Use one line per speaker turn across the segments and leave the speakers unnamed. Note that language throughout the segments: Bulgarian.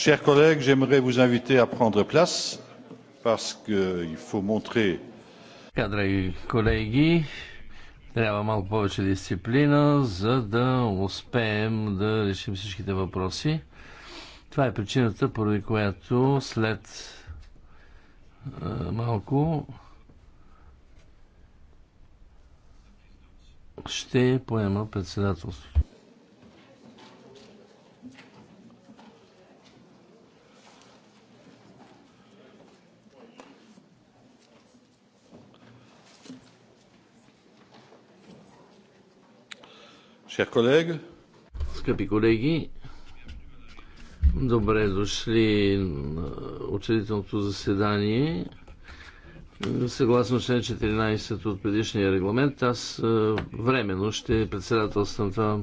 Chers collègues, j'aimerais vous inviter à prendre place parce qu'il faut montrer.
Драги колеги, трябва малко повече дисциплина, за да успеем да решим всичките въпроси. Това е причината, поради която след малко ще поема председателството. Скъпи колеги, добре дошли на учредителното заседание. Съгласно член 14 от предишния регламент, аз е, временно ще председателствам това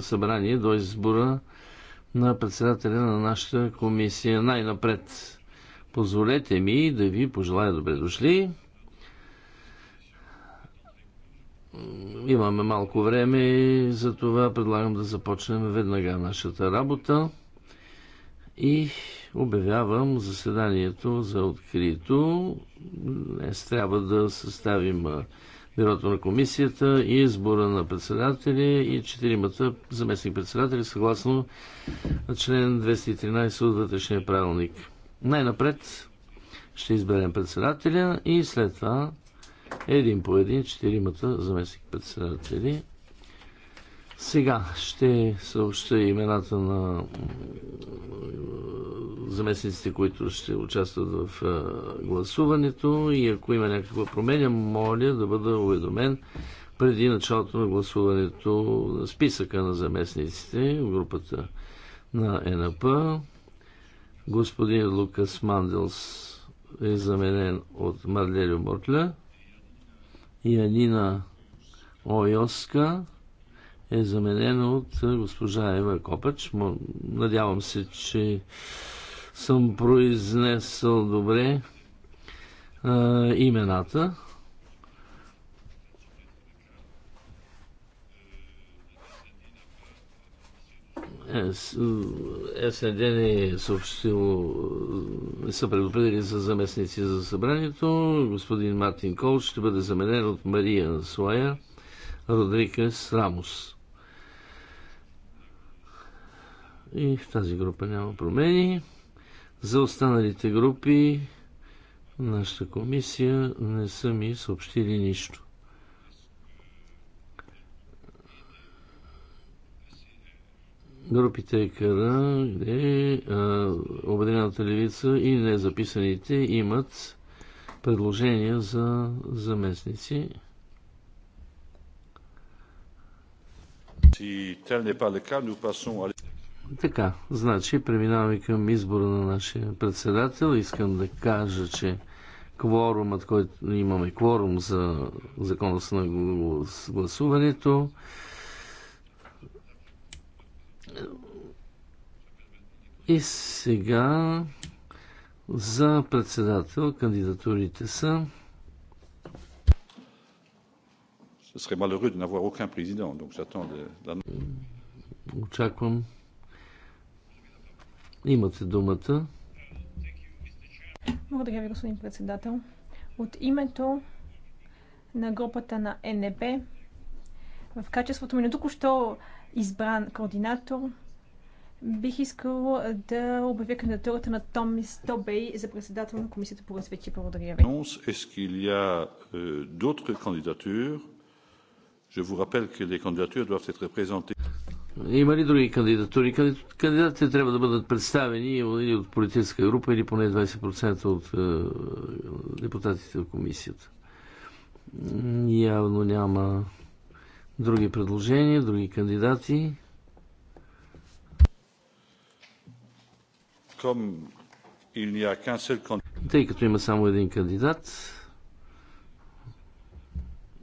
събрание до избора на председателя на нашата комисия. Най-напред, позволете ми да ви пожелая добре дошли Имаме малко време, за това предлагам да започнем веднага нашата работа и обявявам заседанието за открито. Днес трябва да съставим бюрото на комисията и избора на председатели и четиримата заместник председатели съгласно член 213 от вътрешния правилник. Най-напред ще изберем председателя и след това един по един четиримата заместник председатели. Сега ще съобща имената на заместниците, които ще участват в гласуването и ако има някаква променя, моля да бъда уведомен преди началото на гласуването на списъка на заместниците в групата на НП. Господин Лукас Манделс е заменен от Марлелио Мортля. Янина Ойоска е заменена от госпожа Ева Копач. Надявам се, че съм произнесъл добре а, имената. Е, СНД е, не е съобщило, не са предупредили за заместници за събранието. Господин Мартин Кол ще бъде заменен от Мария Слая Родрикес Рамос. И в тази група няма промени. За останалите групи нашата комисия не са ми съобщили нищо. групите Кара, е, Обединената левица и незаписаните имат предложения за заместници. Така, значи преминаваме към избора на нашия председател. Искам да кажа, че кворумът, който имаме кворум за закона на гласуването, и сега за председател кандидатурите са
Ce serait malheureux de n'avoir aucun président, donc j'attends
Очаквам. Имате думата.
Благодаря ви, господин председател. От името на групата на НП в качеството ми на току-що избран координатор, бих искал да обявя кандидатурата на Томи Стобей за председател на Комисията по развитие. Благодаря ви.
Est-ce euh, Je vous rappelle que les candidatures doivent être présentées.
Има ли други кандидатури? Кандидатите трябва да бъдат представени или от политическа група, или поне 20% от е, депутатите в комисията. Явно няма Други предложения, други кандидати? Тъй като има само един кандидат,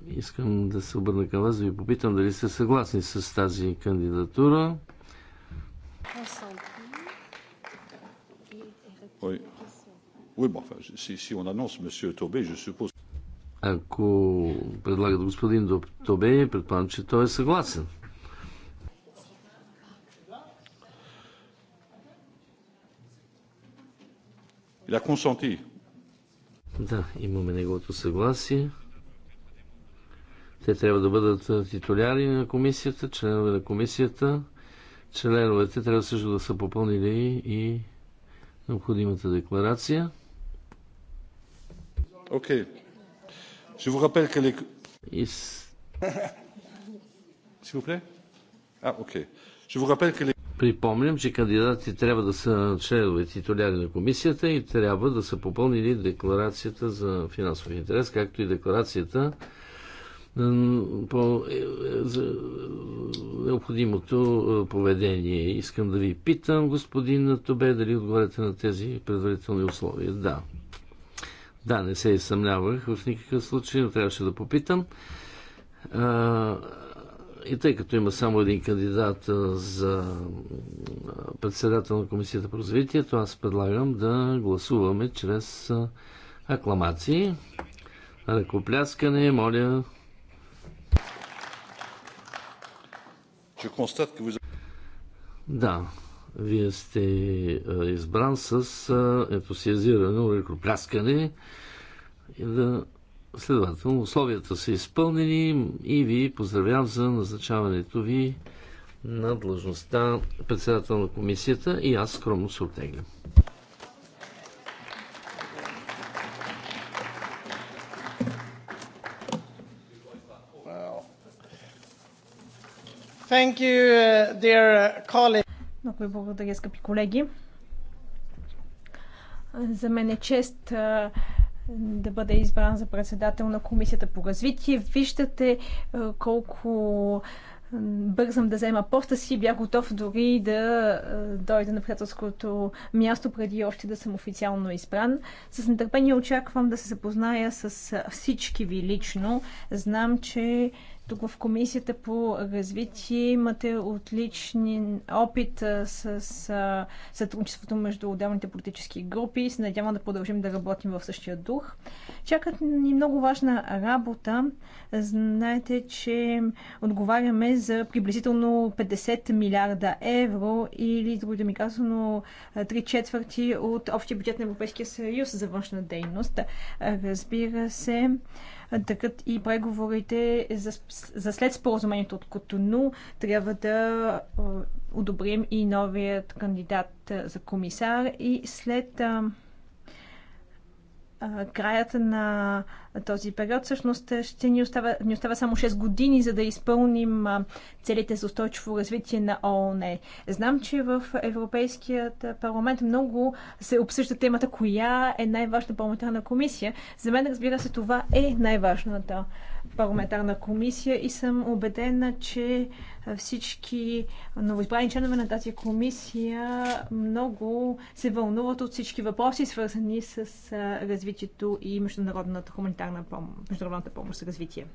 искам да се обърна към вас да ви попитам дали сте съгласни с тази кандидатура. Oui.
Oui, bon, enfin, si, si on annonce M. Tobé, je suppose.
Ако предлагат господин Тобе, предполагам, че той е съгласен. Я a Да, имаме неговото съгласие. Те трябва да бъдат титуляри на комисията, членове на комисията. Членовете трябва също да са попълнили и необходимата декларация. Окей. Okay. Je vous rappelle que les... S'il vous plaît? А, ah, окей. Je vous rappelle que les... Припомням, че кандидатите трябва да са членове титуляри на комисията и трябва да са попълнили декларацията за финансов интерес, както и декларацията по е, за необходимото е, поведение. Искам да ви питам, господин Тобе, дали отговаряте на тези предварителни условия. Да, да, не се и съмнявах в никакъв случай, но трябваше да попитам. И тъй като има само един кандидат за председател на Комисията по развитието, аз предлагам да гласуваме чрез акламации, ръкопляскане, моля. Да, вие сте избран с ентусиазиране, ръкопляскане. Да, следователно, условията са изпълнени и ви поздравявам за назначаването ви на длъжността председател на комисията и аз скромно се оттеглям.
Thank you, uh, dear colleague. Много ви благодаря, скъпи колеги. За мен е чест да бъде избран за председател на Комисията по развитие. Виждате колко бързам да взема поста си. Бях готов дори да дойда на приятелското място преди още да съм официално избран. С нетърпение очаквам да се запозная с всички ви лично. Знам, че тук в Комисията по развитие имате отличен опит с сътрудничеството между отделните политически групи се надявам да продължим да работим в същия дух. Чакат ни много важна работа. Знаете, че отговаряме за приблизително 50 милиарда евро или, друго да ми казано, 3 четвърти от общия бюджет на Европейския съюз за външна дейност. Разбира се, тъкат и преговорите за, за след споразумението от Котону. Трябва да одобрим и новият кандидат за комисар и след краята на този период. Всъщност е, ще ни остава, ни остава само 6 години, за да изпълним целите за устойчиво развитие на ООН. Знам, че в Европейският парламент много се обсъжда темата, коя е най-важна парламентарна комисия. За мен, разбира се, това е най-важната парламентарна комисия и съм убедена, че всички новоизбрани членове на тази комисия много се вълнуват от всички въпроси, свързани с развитието и международната хуманитарна хуманитарна помощ, международната помощ за развитие.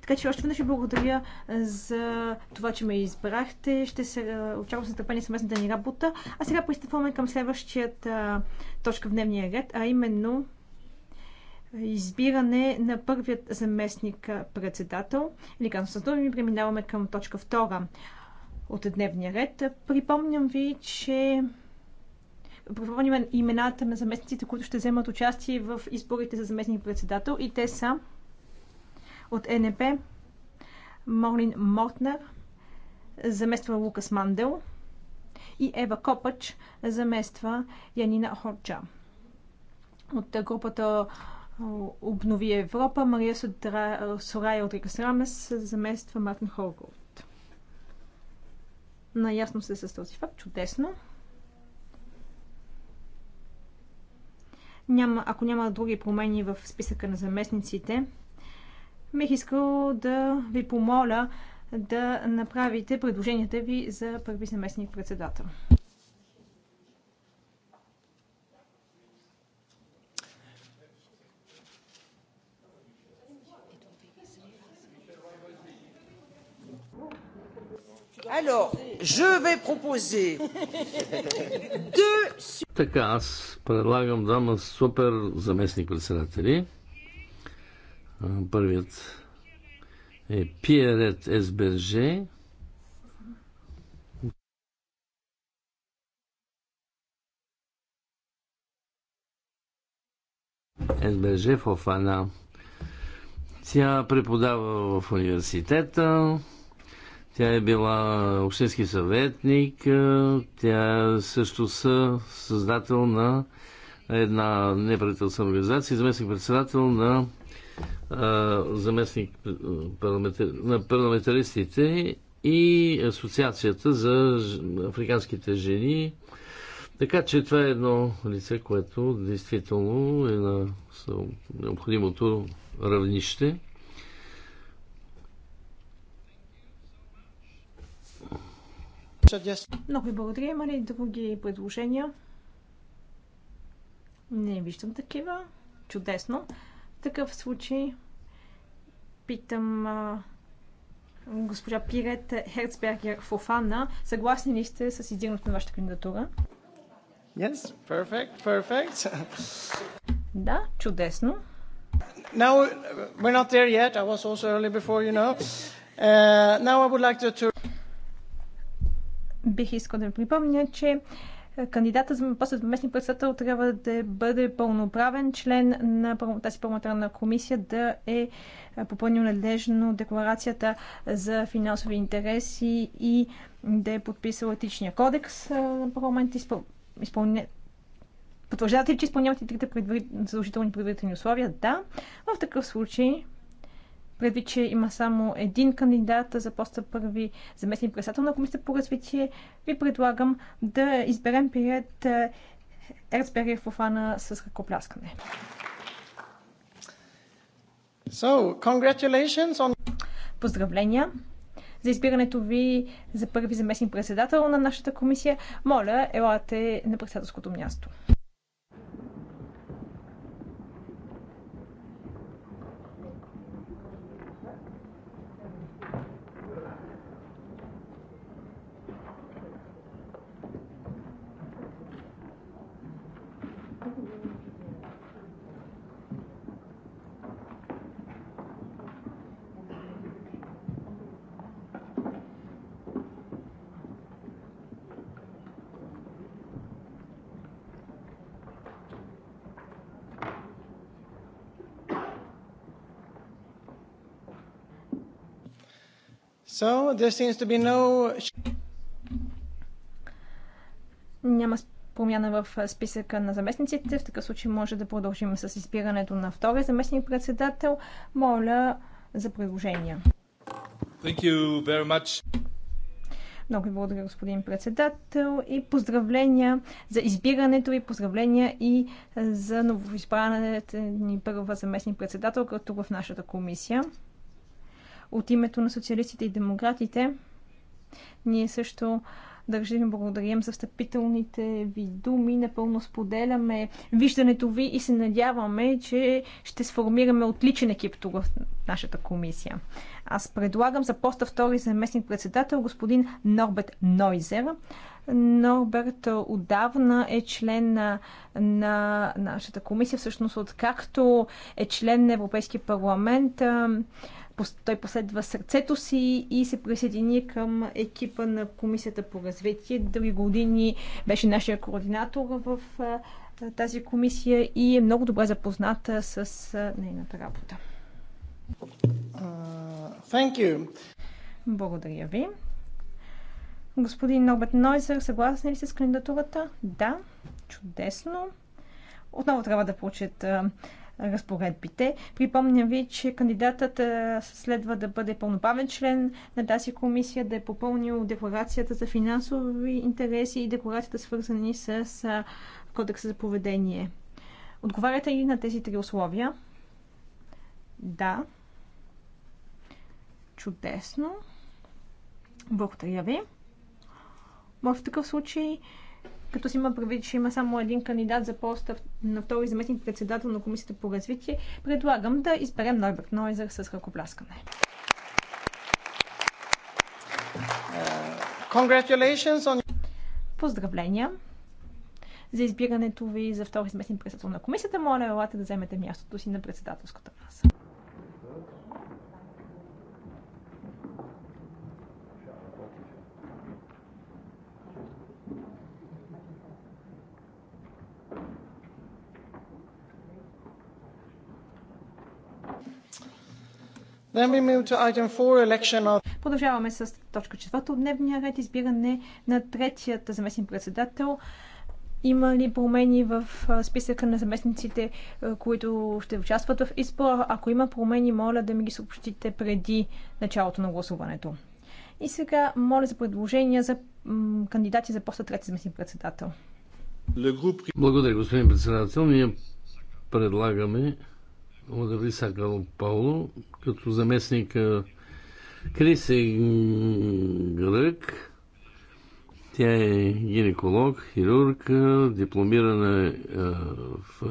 Така че още веднъж ви благодаря за това, че ме избрахте. Ще се очаквам с нетърпение съвместната ни работа. А сега пристъпваме към следващият а, точка в дневния ред, а именно избиране на първият заместник председател. Или казвам с думи, преминаваме към точка втора от дневния ред. Припомням ви, че припомним имената на заместниците, които ще вземат участие в изборите за заместник председател и те са от НП Морлин Мортнер, замества Лукас Мандел и Ева Копач, замества Янина Хорча. От групата Обнови Европа, Мария Судра... Сорая от Рикас Рамес замества Мартин Хорголд. Наясно се с този факт. Чудесно. няма, ако няма други промени в списъка на заместниците, бих искал да ви помоля да направите предложенията ви за първи заместник председател. Alors, je vais proposer
Така, аз предлагам двама супер заместник-председатели. Първият е Пиерет Есберже. Есберже Фофана. Тя преподава в университета тя е била общински съветник, тя също са създател на една неправителствена организация, заместник председател на заместник на парламентаристите и Асоциацията за африканските жени. Така че това е едно лице, което действително е на необходимото равнище.
Много ви благодаря. Има ли други предложения? Не виждам такива. Чудесно. В такъв случай питам а, госпожа Пирет Херцбергер Фофана. Съгласни ли сте с издигането на вашата кандидатура? Yes, perfect, perfect. Да, чудесно. Now, we're not there yet. I was also early before, you know. Uh, now I would like to бих искал да ви припомня, че е, кандидата за поста заместник председател трябва да бъде пълноправен член на тази парламентарна комисия, да е, е попълнил надлежно декларацията за финансови интереси и да е подписал етичния кодекс е, на парламент, изпъл... изпълня... Потвърждавате ли, че изпълнявате трите предварит... задължителни предварителни условия? Да. В такъв случай предвид, че има само един кандидат за поста първи заместник председател на Комисията по развитие, ви предлагам да изберем период е, в Фофана с ръкопляскане. So, congratulations on... Поздравления за избирането ви за първи заместник председател на нашата комисия. Моля, елате на председателското място.
So, there seems to be no...
Няма промяна в списъка на заместниците. В такъв случай може да продължим с избирането на втория заместник председател. Моля за предложения.
Thank you very much.
Много ви благодаря, господин председател, и поздравления за избирането ви, поздравления и за новоизбраната ни първа заместник председател, като в нашата комисия от името на социалистите и демократите. Ние също държим да благодарим за встъпителните ви думи. Напълно споделяме виждането ви и се надяваме, че ще сформираме отличен екип тук в нашата комисия. Аз предлагам за поста втори заместник председател господин Норбет Нойзер. Норберт отдавна е член на, на нашата комисия, всъщност откакто е член на Европейския парламент той последва сърцето си и се присъедини към екипа на Комисията по развитие. Дълги години беше нашия координатор в тази комисия и е много добре запозната с нейната работа. Uh, Благодаря ви. Господин Нобет Нойзер, съгласни ли с кандидатурата? Да, чудесно. Отново трябва да получат разпоредбите. Припомням ви, че кандидатът следва да бъде пълноправен член на тази комисия, да е попълнил декларацията за финансови интереси и декларацията свързани с кодекса за поведение. Отговаряте ли на тези три условия? Да. Чудесно. Благодаря ви. В такъв случай като си има предвид, че има само един кандидат за поста на втори заместник председател на Комисията по развитие, предлагам да изберем Норберт Нойзер с ръкопляскане. Uh, on... Поздравления за избирането ви за втори заместник председател на комисията. Моля, елате да вземете мястото си на председателската маса. Продължаваме с точка четвърта от дневния ред избиране на третият заместник председател. Има ли промени в списъка на заместниците, които ще участват в избора? Ако има промени, моля да ми ги съобщите преди началото на гласуването. И сега моля за предложения за кандидати за поста трети заместник председател.
Благодаря, господин председател. Ние предлагаме Модерниса Пауло, като заместник Крис е грък. Тя е гинеколог, хирург, дипломирана е, в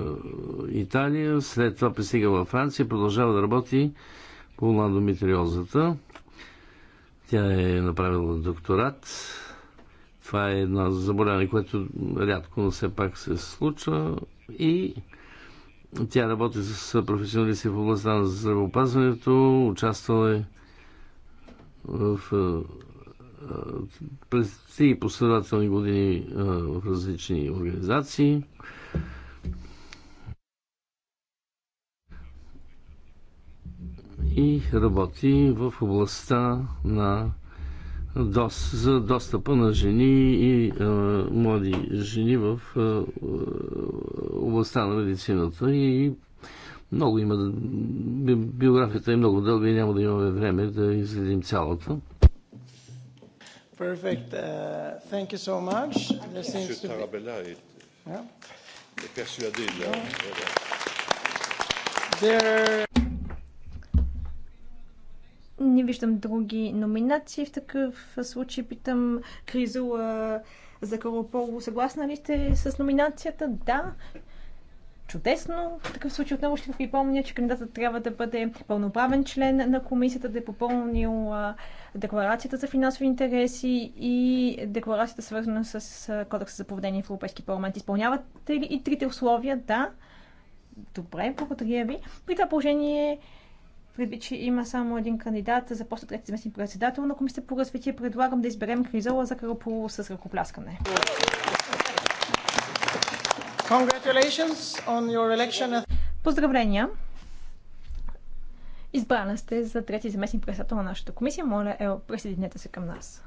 е, Италия, след това пристига във Франция, продължава да работи по ландометриозата. Тя е направила докторат. Това е едно заболяване, което рядко, но все пак се случва. И тя работи с професионалисти в областта на здравеопазването, участвала е в през три последователни години в различни организации. И работи в областта на за достъпа на жени и а, млади жени в а, областта на медицината и много има. Биографията е много дълга и няма да имаме време да изгледим цялата. Perfect. Uh,
thank you so much. There seems to be... Yeah. There...
Не виждам други номинации. В такъв случай питам за Карополо. Съгласна ли сте с номинацията? Да. Чудесно! В такъв случай отново ще ви припомня, че кандидатът трябва да бъде пълноправен член на комисията, да е попълнил декларацията за финансови интереси и декларацията свързана с кодекса за поведение в Европейски парламент. Изпълнявате ли и трите условия? Да. Добре, благодаря ви. При това положение преди, че има само един кандидат за поста трети заместник председател на Комисията по развитие, предлагам да изберем Кризола за Карапулово с ръкопляскане. Поздравления! Избрана сте за трети заместник председател на нашата комисия. Моля, е, присъединете се към нас.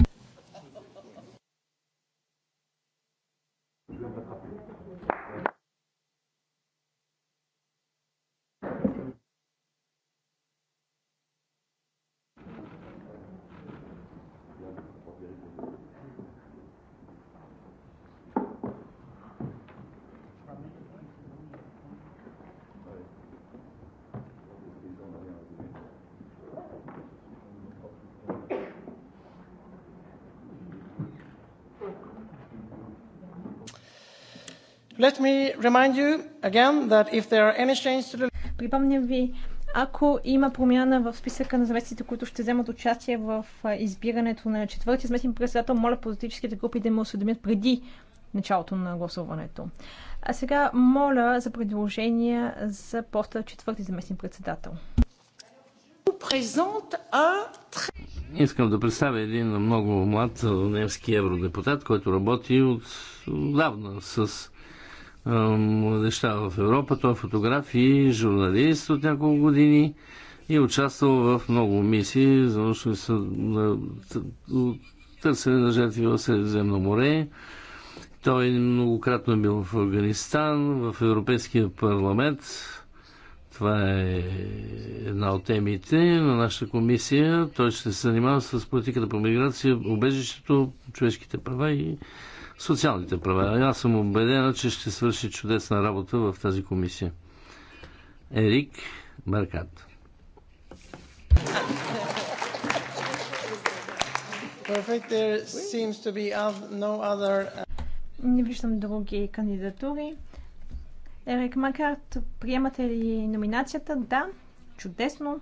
Let me remind you again that if there are any to the... Припомням ви, ако има промяна в списъка на заместите, които ще вземат участие в избирането на четвъртия заместен председател, моля политическите групи да ме осведомят преди началото на гласуването. А сега моля за предложения за поста четвърти заместни председател.
Искам да представя един много млад немски е евродепутат, който работи от отдавна с Неща в Европа. Той е фотограф и журналист от няколко години и е участвал в много мисии за научно търсене на жертви в Средиземно море. Той многократно е бил в Афганистан, в Европейския парламент. Това е една от темите на нашата комисия. Той ще се занимава с политиката по миграция, убежището, човешките права и социалните права. Аз съм убедена, че ще свърши чудесна работа в тази комисия. Ерик Маркат.
Uh, Не виждам други кандидатури. Ерик Макарт, приемате ли номинацията? Да, чудесно.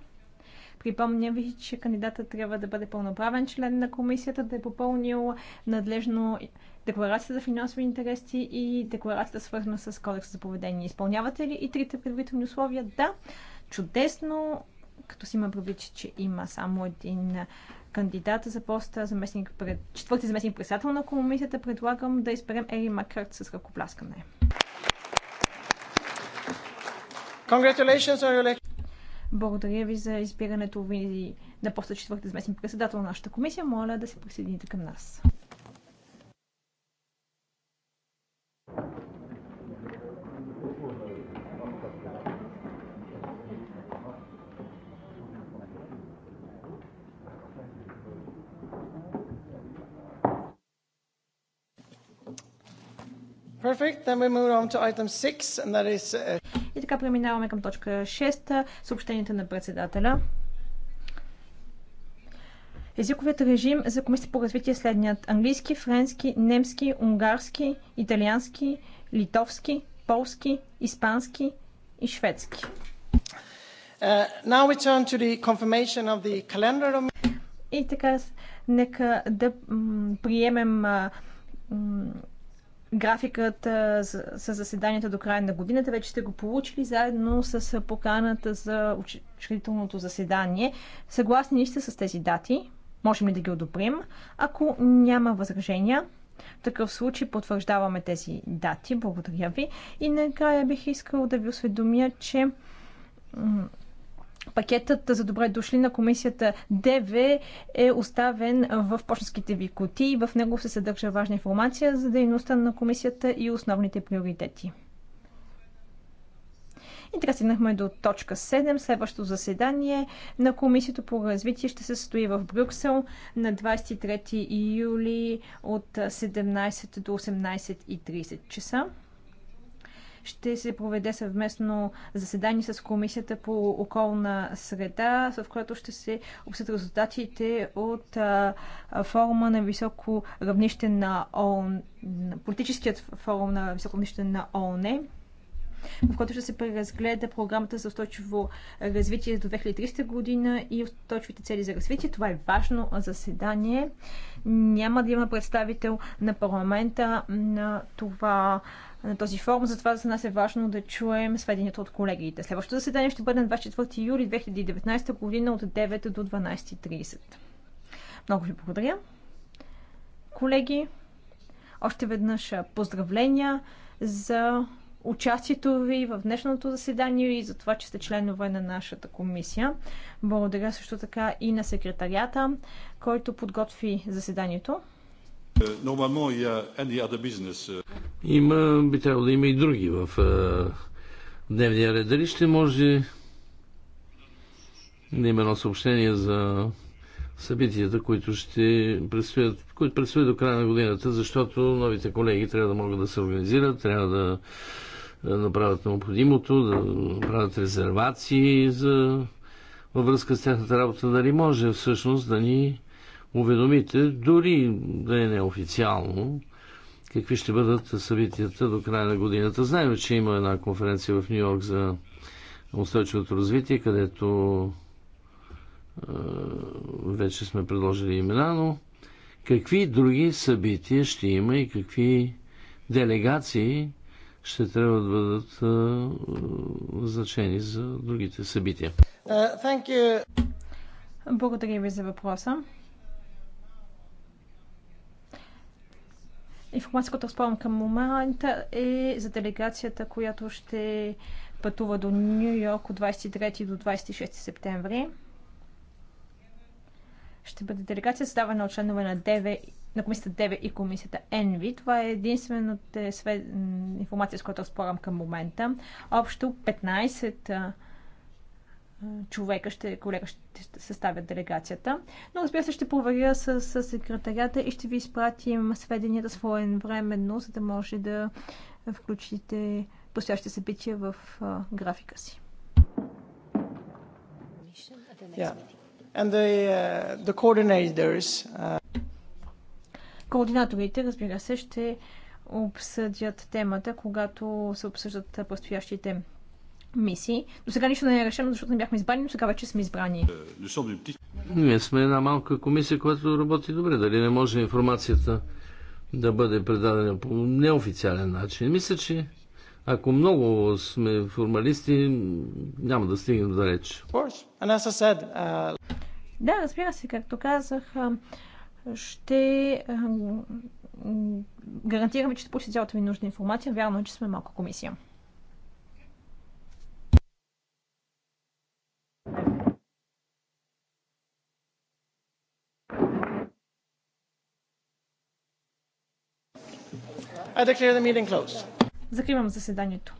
Припомня ви, че кандидатът трябва да бъде пълноправен член на комисията, да е попълнил надлежно декларацията за финансови интереси и декларацията свързана с Кодекса за поведение. Изпълнявате ли и трите предварителни условия? Да. Чудесно, като си има предвид, че има само един кандидат за поста, заместник пред... четвърти заместник председател на комисията, предлагам да изберем Ери Макърт с ръкопляскане. Благодаря ви за избирането ви на поста четвърти заместник председател на нашата комисия. Моля да се присъедините към нас. Perfect. Then we move on to item and that is... Uh, и така преминаваме към точка 6, съобщенията на председателя. Езиковият режим за комисията по развитие е следният. Английски, френски, немски, унгарски, италиански, литовски, полски, испански и шведски. Uh, now we turn to the confirmation of the calendar of... И така, нека да приемем графикът с заседанията до края на годината. Вече сте го получили заедно с поканата за учредителното заседание. Съгласни ли сте с тези дати? Можем ли да ги одобрим? Ако няма възражения, в такъв случай потвърждаваме тези дати. Благодаря ви. И накрая бих искал да ви осведомя, че пакетът за добре дошли на комисията ДВ е оставен в почтенските ви кутии. В него се съдържа важна информация за дейността на комисията и основните приоритети. И така стигнахме до точка 7. Следващото заседание на Комисията по развитие ще се състои в Брюксел на 23 юли от 17 до 18.30 часа ще се проведе съвместно заседание с Комисията по околна среда, в което ще се обсъдят резултатите от форума на високо равнище на ООН, политическият форум на високо равнище на ООН. Е в който ще се преразгледа програмата за устойчиво развитие до 2300 година и устойчивите цели за развитие. Това е важно заседание. Няма да има представител на парламента на това на този форум, затова за нас е важно да чуем сведенията от колегите. Следващото заседание ще бъде на 24 юли 2019 година от 9 до 12.30. Много ви благодаря. Колеги, още веднъж поздравления за участието ви в днешното заседание и за това, че сте членове на нашата комисия. Благодаря също така и на секретарията, който подготви заседанието.
Е, е, е.
Има, би трябвало да има и други в дневния ред. Дали ще може да има едно съобщение за събитията, които ще предстоят, които предстоят до края на годината, защото новите колеги трябва да могат да се организират, трябва да да направят необходимото, да направят резервации за, във връзка с тяхната работа. Дали може всъщност да ни уведомите, дори да е неофициално, какви ще бъдат събитията до края на годината. Знаем, че има една конференция в Нью Йорк за устойчивото развитие, където е, вече сме предложили имена, но какви други събития ще има и какви делегации ще трябва да бъдат значени за другите събития.
Uh, Благодаря ви за въпроса. Информацията, която спомням към момента е за делегацията, която ще пътува до Нью Йорк от 23 до 26 септември. Ще бъде делегация, създавана от членове на ДВ на комисията ДВ и комисията ЕНВИ. Това е единствената информация, с която разполагам към момента. Общо 15 човека, ще, колега ще съставят делегацията. Но разбира се, ще проверя с, с секретарята и ще ви изпратим сведенията своевременно, за да може да включите предстоящите събития в а, графика си. Yeah. And the, uh, the coordinators, uh... Координаторите, разбира се, ще обсъдят темата, когато се обсъждат предстоящите мисии. До сега нищо не е решено, защото не бяхме избрани, но сега вече сме избрани.
Ние сме една малка комисия, която работи добре. Дали не може информацията да бъде предадена по неофициален начин? Мисля, че ако много сме формалисти, няма да стигнем далеч. Uh,
да, разбира се, както казах, ще гарантираме, че ще получите цялата ви нужна информация. Вярно е, че сме малка комисия.
I declare the meeting closed.
Закривам заседанието.